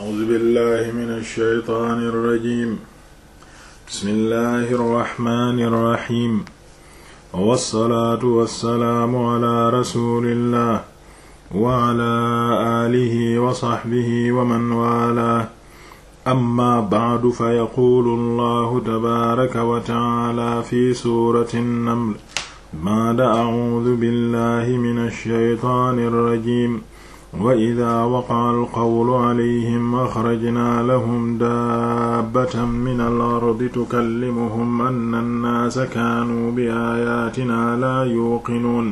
A'uuzu billaahi mina shaytaani rajiim. Bismillaahi rahmaani rahiim. Wassalaatu wassalaamu alaa rasuulillaah wa alaa aalihi wa sahbihi wa man waalaah. Ammaa ba'du fa yaquulu Allaahu tabaaraka wa ta'aalaa fi suurati Naml ba'da a'uuzu billaahi mina shaytaani rajiim. wa idaa waqa'a alqawlu calayhim axrajnaa lahum daabbatan min alardi tukallimuhum anna annaasa kaanuu bi aayaatinaa laa yuuqinuun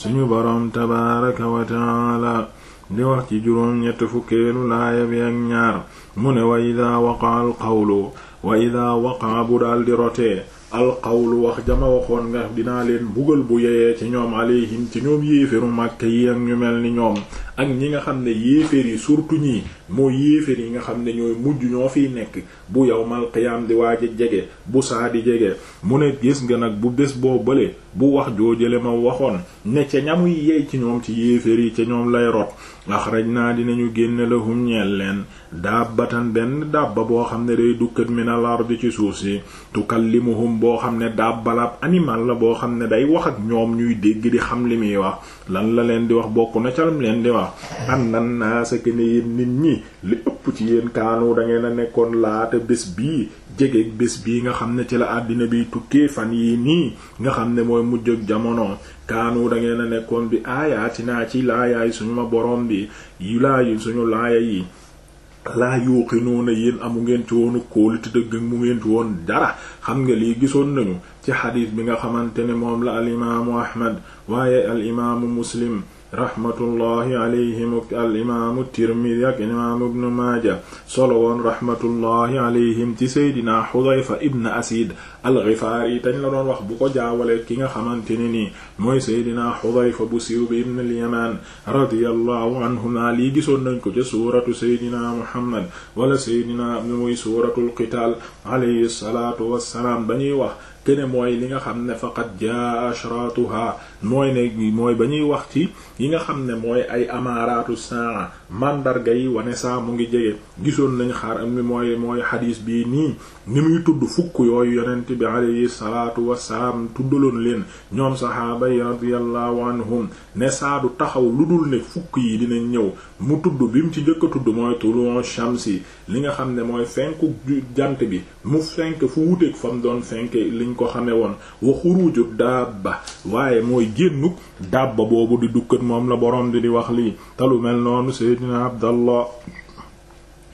suñu boroom tabaaraka wa tacaala di wax ci juróom-ñett fukkeelu laaya bi ak ñaar mu ne wa idaa waqa'a alqawlu wa idaa waqa'a bu daldi rotee alqawlu wax jama waxoon nga dinaa leen bugal bu yeyee ci ñoom alayhim ci ñoom yéeferu màkk yi ak ñu mel ni ñoom ak ñi nga xam ne yéeféer yi surtout ñii mooy yéeféer yi nga xam ne ñooy mujj ñoo fiy nekk bu yow qiyaam di waaj a jege bu saa di jege mu ne gis nga nag bu bés boo bële bu wax joojale ma waxoon ne ca ñamuy yey ci ñoom ci yéeféer yi ca ñoom lay rot axraj naa dinañu génne lahum ñeel leen dabbatan benn dabba boo xam ne day dukkat minal ardi ci suuf si tukallimuhum boo xam ne dabbalaab animal la boo xam ne day wax ak ñoom ñuy dégg di xam li muy wax lan la leen di wax bokk na ca lam leen di wax an naa sa ke ne nit ñi li ëpp ci yéen kaanu da nekkoon laata bés bii jege bés bii nga xam ne ci la àddina biy tukkee fan yi nii nga xam ne mooy mujj ak jamono kaanu dangeen a nekkoon bi aayaatinaa ci laayaay suñu ma borom bi yu laayu suñu laaya yi laa yuuqinoona yéen amu ngeen ci woonu kóolute dëgg mu ngeen ci woon dara xam nga lii gisoon nañu ci xadiis bi nga xamante ne moom la al imaamu ahmad waaye al imaamu muslim raxmatullahi alayhim al imaamu tirmidi ak imaamu ibnu maaja solo woon raxmatullahi alayhim ci seydina xudayfa ibn asiid alxifaari tañ la doon wax bu ko jaawale ki nga xamante ne nii mooy seydina xudayfa bu siw bi ibn alyamaan radiyallahu anhuma lii gisoon nañ ko ca suuratu seydina muhammad wala seydina muy suuratul qitaal alayhi salaatu wassalaam ba ñuy wax këne mooy li nga xam ne faqat jaa ashratuha mooy ne mooy ba ñuy wax ci yi nga xam ne mooy ay amaaraatu saa mandarga yi wane saa mu ngi jege gisoon nañ xaar am mooy mooy xadiis bi nii ni muy tudd fukk yooyu yonent bi alayhi salaatu wasalaam tuddaloon leen ñoom saxaaba yi radiyallahu anhum ne saa du taxaw lu dul ne fukk yi dinañ ñëw mu tudd bi ci njëkk tudd mooy tulu'u shamsi li nga xam ne mooy fenku jant bi mu fenk fu wuteeg fam doon fenk liñ ko xamee woon wa xuruju dabba waaye mooy génnuk dabba boobu di dukkat moom la borom di di wax lii talu mel noonu seydina abdallah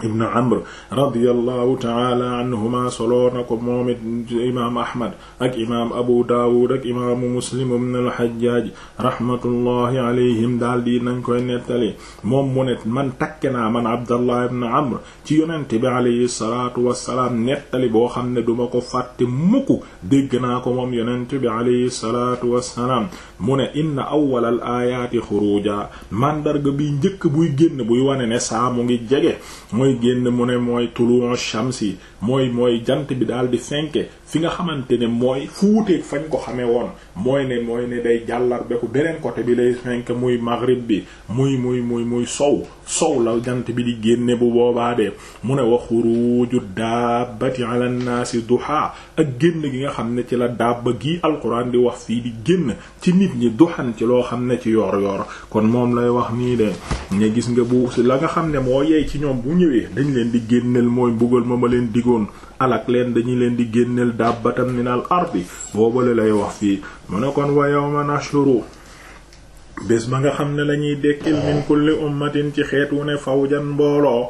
ibnu amr radiallahu taala anhuma soloo na ko moom it imaam ahmad ak imaam abu daawud ak imaamu muslim ibn alxajjaaj rahmatullahi alayhim daal di nañ koy nettali moom mu ne man takke naa man abdallah ibn amr ci yonente bi alayhi salaatu wassalaam nettali boo xam ne duma ko fàtte mukk dégg naa ko moom yonente bi alayhi salaatu wassalaam mu ne inna awwal al aayaati xuruuja màndarga bi njëkk buy génn buy wane ne saa mu ngi jege mooy génn mu ne mooy tulu'u shamsi mooy mooy jant bi daal di fenke fi nga xamante ne mooy fuuteeg fañ ko xamee woon mooy ne mooy ne day jàllar beku beneen côté bi lay fenke muy maghrib bi muy muy muy muy sow sow la jant bi di génne bu boobaa de mu ne wa xuruju daabati ala nnaasi duha ak génn gi nga xam ne ci la dabba gii alquran di wax fii di génn ci nit ñi duhan ci loo xam ne ci yoor yor kon moom lay wax nii de nga gis nga bu la nga xam ne moo yey ci ñoom bu ñëwee dañ leen di génneel mooy mbugal ma ma leen digo woon alak leen dañu leen di génneel dàbbatan minal ardi boobale lay wax fii mu ne kon wa yawma nashuru bés ba nga xam ne lañuy dekkil min kulli ummatin ci xeet wu ne fawjan mbooloo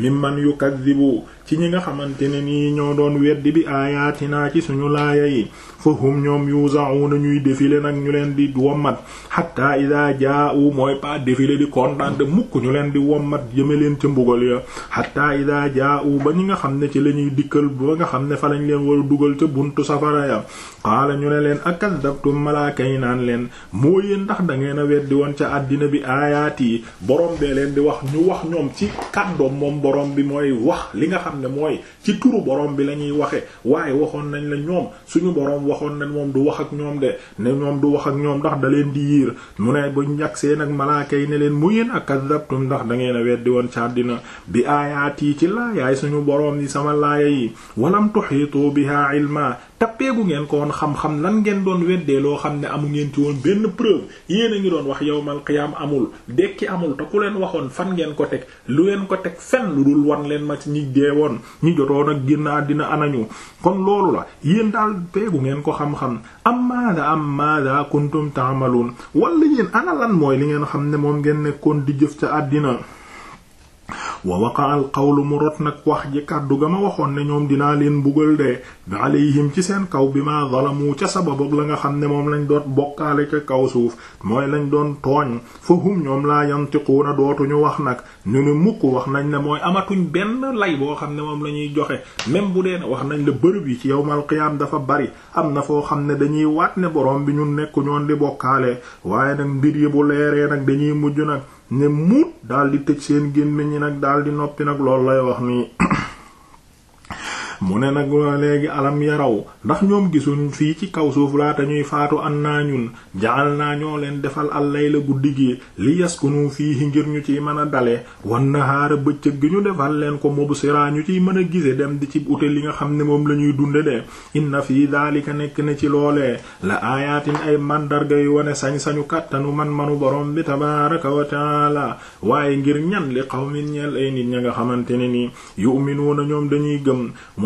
mimman yukazzibu ci ñi nga xamante ne nii ñoo doon weddi bi naa ci suñu laaya yi fa hum ñoom yuzauna ñuy défilé nag ñu leen di wommat hatta ida wu mooy pas défilé di kontaan de mukk ñu leen di wommat jëme leen ca mbugal ya hatta ida jaa'u ba ñi nga xam ne ci la ñuy dikkal ba nga xam ne fa lañ leen war dugal ca buntu safara ya qaala ñu ne leen akadabtum malaaka yi naan leen moo yéen ndax da ngeen a weddi woon ca àddina bi aayaat yi borom bee leen di wax ñu wax ñoom ci kàddoom xam ne mooy ci turu boroom bi la ñuy waxe waaye waxoon nañ la ñoom suñu borom waxoon nañ moom du wax ak ñoom de ne ñoom du wax ak ñoom ndax da leen di yiir mu ne ba ñàkk seen ak malaaka yi ne leen mu yéen ak kadabtum ndax da ngeen a weddi woon ci àddina bi aayaat yi ci laayaay suñu boroom yi sama laaya yi walam tuhitu biha ilma tappeegu ngeen ko woon xam-xam lan ngeen doon weddee loo xam ne amu ngeen ci woon benn preuve yéen a ngi doon wax yawmal qiyaam amul dekki amul te ku leen waxoon fan ngeen ko teg lu leen ko teg fen lu leen ma ci woon ñi jotoon ak génn àddina anañu kon loolu la yéen daal peegu ngeen ko xam-xam am maada am maada kuntum taamaluun wala yéen ana lan mooy li ngeen xam ne moom ngeen nekkoon di jëf ca àddina wa waqa al qawlu mu rot nag wax ji kàddu ga ma waxoon ne ñoom dinaa leen mbugal de yi alayhim ci seen kaw bi ma zalamu ca sababoog la nga xam ne moom lañ doon bokkaale ca kaw suuf mooy lañ doon tooñ fa hum ñoom laa yantiquuna dootuñu wax nag ñu ne mukk wax nañ ne mooy amatuñ benn lay boo xam ne moom la ñuy joxe même bu dee ne wax nañ la bërëb yi ci yawmal qiyaam dafa bari am na foo xam ne dañuy waat ne borom bi ñun nekku ñoon di bokkaale waaye nag mbir yi bu leeree nag dañuy mujj nag ne muut daldi tëj seen gémmiñ nag daldi noppi nag lool lay wax nii mu ne nag léegi alam yaraw ndax ñoom gisuñu fii ci kaw suuf laata ñuy faatu an naa ñun jaal naa ñoo leen defal allay la guddi gi li yaskunu fii ngir ñu ciy mën a dale wan nahaara bëccëg gi ñu defal leen ko mubsira ñu ciy mën a gise dem di ci ute li nga xam ne moom la ñuy dunde de inna fii daalika nekk na ci loolee la aayaatin ay màndarga yu wane sañ-sañu kàttanu man-manu borom bi tabaraka wa taala waaye ngir ñan li qawmin ñeel ay nit ña nga xamante ne ni yu'minuuna ñoom dañuy gëm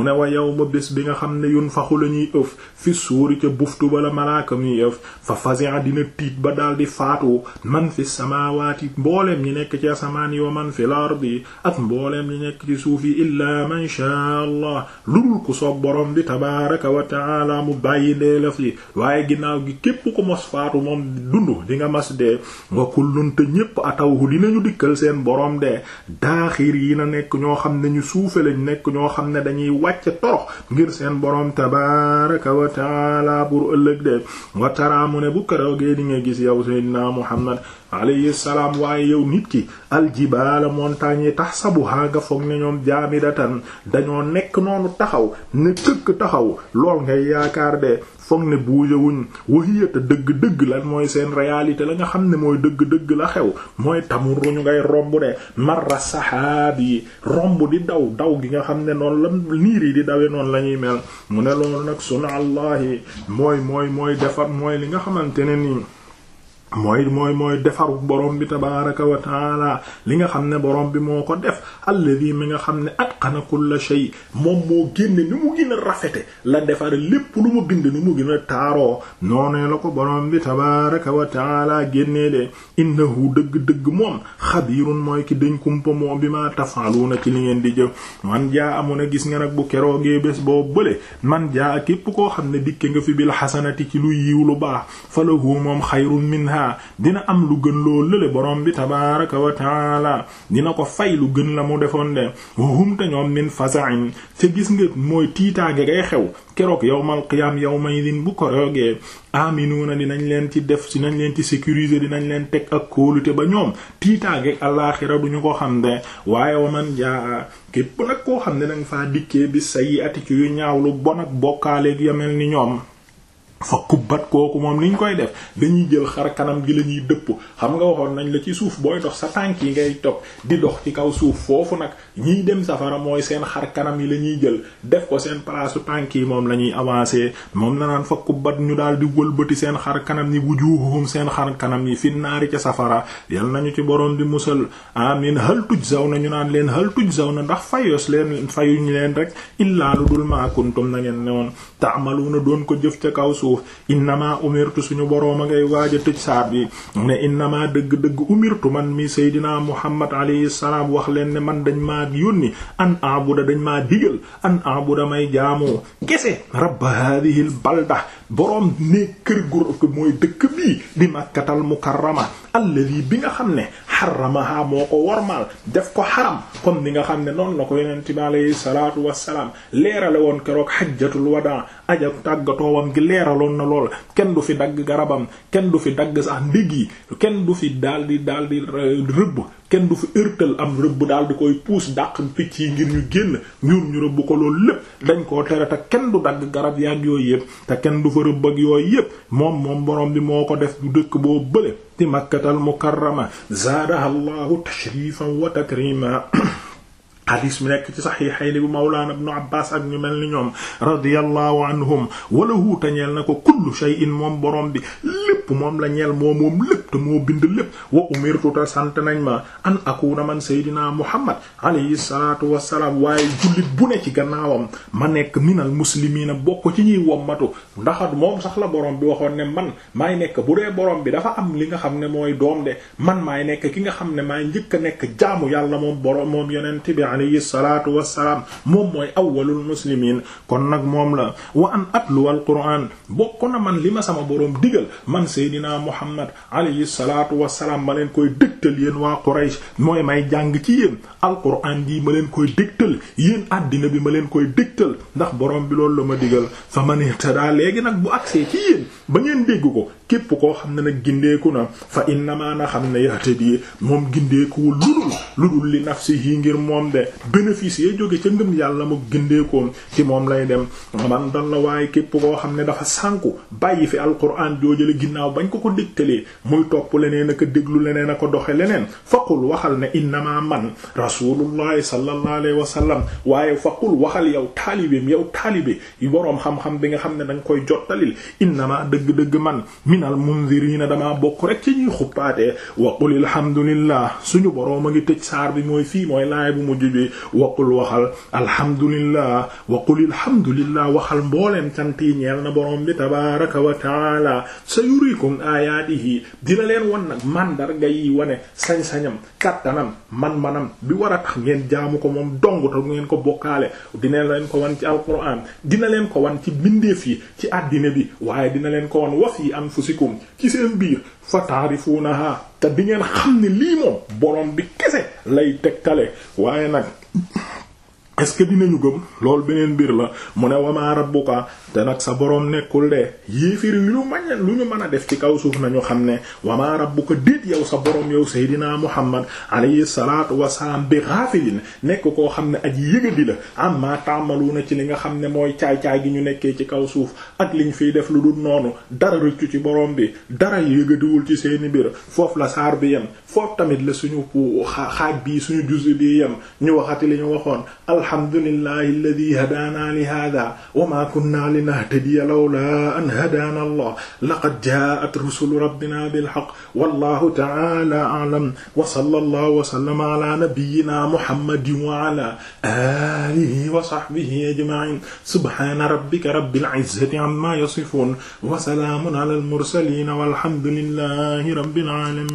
ne wa yawma bés bi nga xam ne yunfaxu la ñuy ëf fi suuri ca buftu bala malaaka muy ëf fa fazi'a dina tiit ba daal di faatu man fi samaawaati mbooleem nekk ci asamaan yi man fi lardi ak mbooleem ñi nekk ci suuf yi illaa man shaa allah lu dul ku soob boroom bi tabaaraka wa ta'aala mu bàyyi dee la fi waaye ginnaaw gi képp ko mos faatu moom dund di nga mas dee wa kullun te ñépp atawhu dinañu dikkal seen borom de daaxir yi na nekk ñoo xam ne ñu suufe lañ nekk ñoo xam ne dañuy wàcc wàcc torox ngir seen borom tabaraka wa taala pour ëllëg de wa taraamu ne bu keroogee di nga gis yow seydina muhammad alayhi salaam waaye yow nit ki aljibaala montagne tahsabuha nga foog ne ñoom jaamidatan dañoo nekk noonu taxaw ne këkk taxaw lool ngay yaakaar de foog ne bougé wu waxiya te dëgg-dëgg la mooy seen réalité la nga xam ne mooy dëgg-dëgg la xew mooy ñu ngay romb de marra saxaab yi romb di daw daw gi nga xam ne noonu la niir yi di dawee noonu lañuy mel mu ne loolu nag sunu allahi mooy mooy mooy defar mooy li nga xamante ne nii mooy mooy mooy defaru borom bi tabaraka wa li nga xam ne borom bi moo ko def alladi mi nga xam ne atqana kulla shay moom moo génne ni mu gën a rafete la defar lépp lu mu bind ni mu gën taaro taaroo noonee la ko borom bi tabaraka wa génne génnee de innahu dëgg-dëgg moom xabiirun mooy ki dañ kumpa moom bi ma tafaaluuna ci li ngeen di jëf man jaa amu na gis nga nag bu keroogee bés boo bële man jaa képp koo xam ne dikke nga fi bil xasanati ci lu yiw lu baax falahu ta'ala dina am lu gën loo lële borom bi tabaraka wa ta'ala dina ko fay lu gën la mu defoon de wahum te ñoom min fasain te gis nga mooy tiitaange ngay xew keroog yawmal qiyaam yawma idin bu ko roogee aminuuna dinañ leen ci def dinañ leen ci sécuriser dinañ leen teg ak kóolute ba ñoom tiitaange alaaxira duñu ko xam de waaye wa man jaa képp nag koo xam ne danga faa dikkee bi sayyi'ati ci yu ñaaw lu bon ak bokkaaleeg yamel ni ñoom fa kubbat kooku moom li ñu koy def dañuy jël xar kanam gi la ñuy dëpp xam nga waxoon nañ la ci suuf booy dox sa tànk yi ngay topp di dox ci kaw suuf foofu nag ñiy dem safara mooy seen xar kanam yi la ñuy jël def ko seen palaasu tànk yi moom la ñuy avancer moom na naan fa kubbat ñu daal di wëlbati seen xar kanam yi bu wujuuhum seen xar kanam yi fi naari ca safara yal nañu ci borom bi musal amin hal tujzaw na ñu naan leen hal tujzaw na ndax fayos leen fayuñu leen rek illaa lu na ngeen newoon ta'maluna doon ko jëf ca kaw suuf suuf innama umirtu suñu boroom a ngay waaj a tëj saar bi ne innama dëgg-dëgg umirtu man mi seydina muhammad alayhi salaam wax leen ne man dañ maa yónni an abuda dañ maa digal an abuda may jaamu kese rabba hadihi l balda boroom ne kër gu mooy dëkk bii di makkatal mukarrama alladi bi nga xam ne xaramaha moo ko wormaal def ko xaram comme ni nga xam ne noonu la ko yonent bi alayhi salaatu wassalaam leerale woon keroog xajjatul wadaa aja tàggatoowam gi leeraloon na lool kenn du fi dagg garabam kenn du fi dagg sax ndig yi kenn du fi daal di daal di euh, rëbb kenn du fa ërtal am rëbb daal di koy puus dàq picc yi ngir ñu génn ñur ñu rëbb ko loolu lépp dañ koo tere te kenn du dagg garab yaag yooyu yëpp te kenn du fa rëbb ak yooyu yëpp moom moom borom bi moo ko def du dëkk boo bële di makkatal mukarrama zaadaha llahu tashrifan wa takrima xadis bi nekk ci saxiixayni bu mawlaana ibnu abbas ak ñu mel ni ñoom radiyallahu anhum walahu tañeel na ko kullu shay'in moom borom bi lépp moom la ñeel moo moom lépp te moo bind lépp wa umirtu ta sant nañ ma an akuna man seydina muhammad alayhi wa wassalaam waaye jullit bu ne ci gannaawam ma nekk minal muslimiina bokk ci ñuy wommatu ndax moom sax la boroom bi waxoon ne man maay nekk bu dee boroom bi dafa am li nga xam ne mooy doom de man maay nekk ki nga xam ne maay njëkk a nekk jaamu yàlla moom borom moom yonent bi alayhi salatu wassalaam moom mooy awwalul muslimiin kon nag moom la wa an atluwal na man li ma sama borom digal seydinaa muhammad alayhi salaatu wassalaam ma leen koy dëgtal yéen waa Quraysh mooy may jàng ci yéen alquran ji ma leen koy dëgtal yéen àddina bi ma leen koy dëgtal ndax borom bi loolu la ma digal fa man ihtada léegi nag bu agsee ci yéen ba ngeen dégg ko képp koo xam ne nag gindeeku na fa innama na xam ne yahtadi moom lu gindeekuwul ludul ludul li nafsihi ngir moom de bénéfice yee jóge ca ngëm yàlla mu gindeekoom ci moom lay dem man dal la waaye képp koo xam ne dafa sànku bàyyi fi alquran joojale ginnaaw bañ ko ko dégtalee muy topp leneen ak déglu leneen ak doxe leneen faqul waxal ne innama man rasulullahi sallallahu alayhi wa sallam waaye faqul waxal yow taalibeem yow taalibe boroom xam-xam bi nga xam ne danga koy jottalil innama dëgg-dëgg man minal munzirina damaa bokk rek ci ñuy xuppaatee waqul alhamdulillah suñu boroom a ngi tëj saar bi mooy fii mooy laay bu mujj bi waqul waxal alhamdulillah waqul alhamdulillah waxal mbooleem cant yi ñeel na boroom bi tabaraka wa taala sa yurikum ayaatihi dina leen wan nag mandarga yi wane sañ-sañam kattanam man-manam bi war a ngeen jaamu ko moom dong lu ngeen ko bokkaale dina leen ko wan ci alquran dina leen ko wan ci bindeef yi ci àddina bi waaye dina leen ko wan wa fi anfus anfusikum ci seen biir fa taarifuunaha te di ngeen xam ne lii moom borom bi kese lay tegtale waaye nag parce ce que dinañu gëm loolu beneen mbir la mu ne wamaa rabbuka te nag sa boroom nekkul de yéefir yu lu mañ lu ñu mën a def ci kaw suuf nañu xam ne wamaa ko déet yow sa boroom yow seydinaa muhammad alayhi salaatu wasalaam bi ghafilin nekk koo xam ne aji yëgadi la amma tàmmalu na ci li nga xam ne mooy caay-caay gi ñu nekkee ci kaw suuf ak liñ fiy def lu dul noonu dara rëccu ci boroom bi dara yëgadiwul ci seeni biir foofu la saar bi yem foofu tamit la suñu xaaj bii suñu juz bi yem ñu waxati waxoon alhamdulillahi alladhi hadaana li hadha wa ma kunna linahtadiya lawla an hadaana allah laqad jaa'at rusulu rabbina bil haqq wallahu ta'ala a'lam wa sallallahu wa sallama ala nabiyyina muhammadin wa ala alihi wa sahbihi ajma'in subhana rabbika rabbil izzati amma yasifun wa salamun ala al mursalin walhamdulillahi rabbil alamin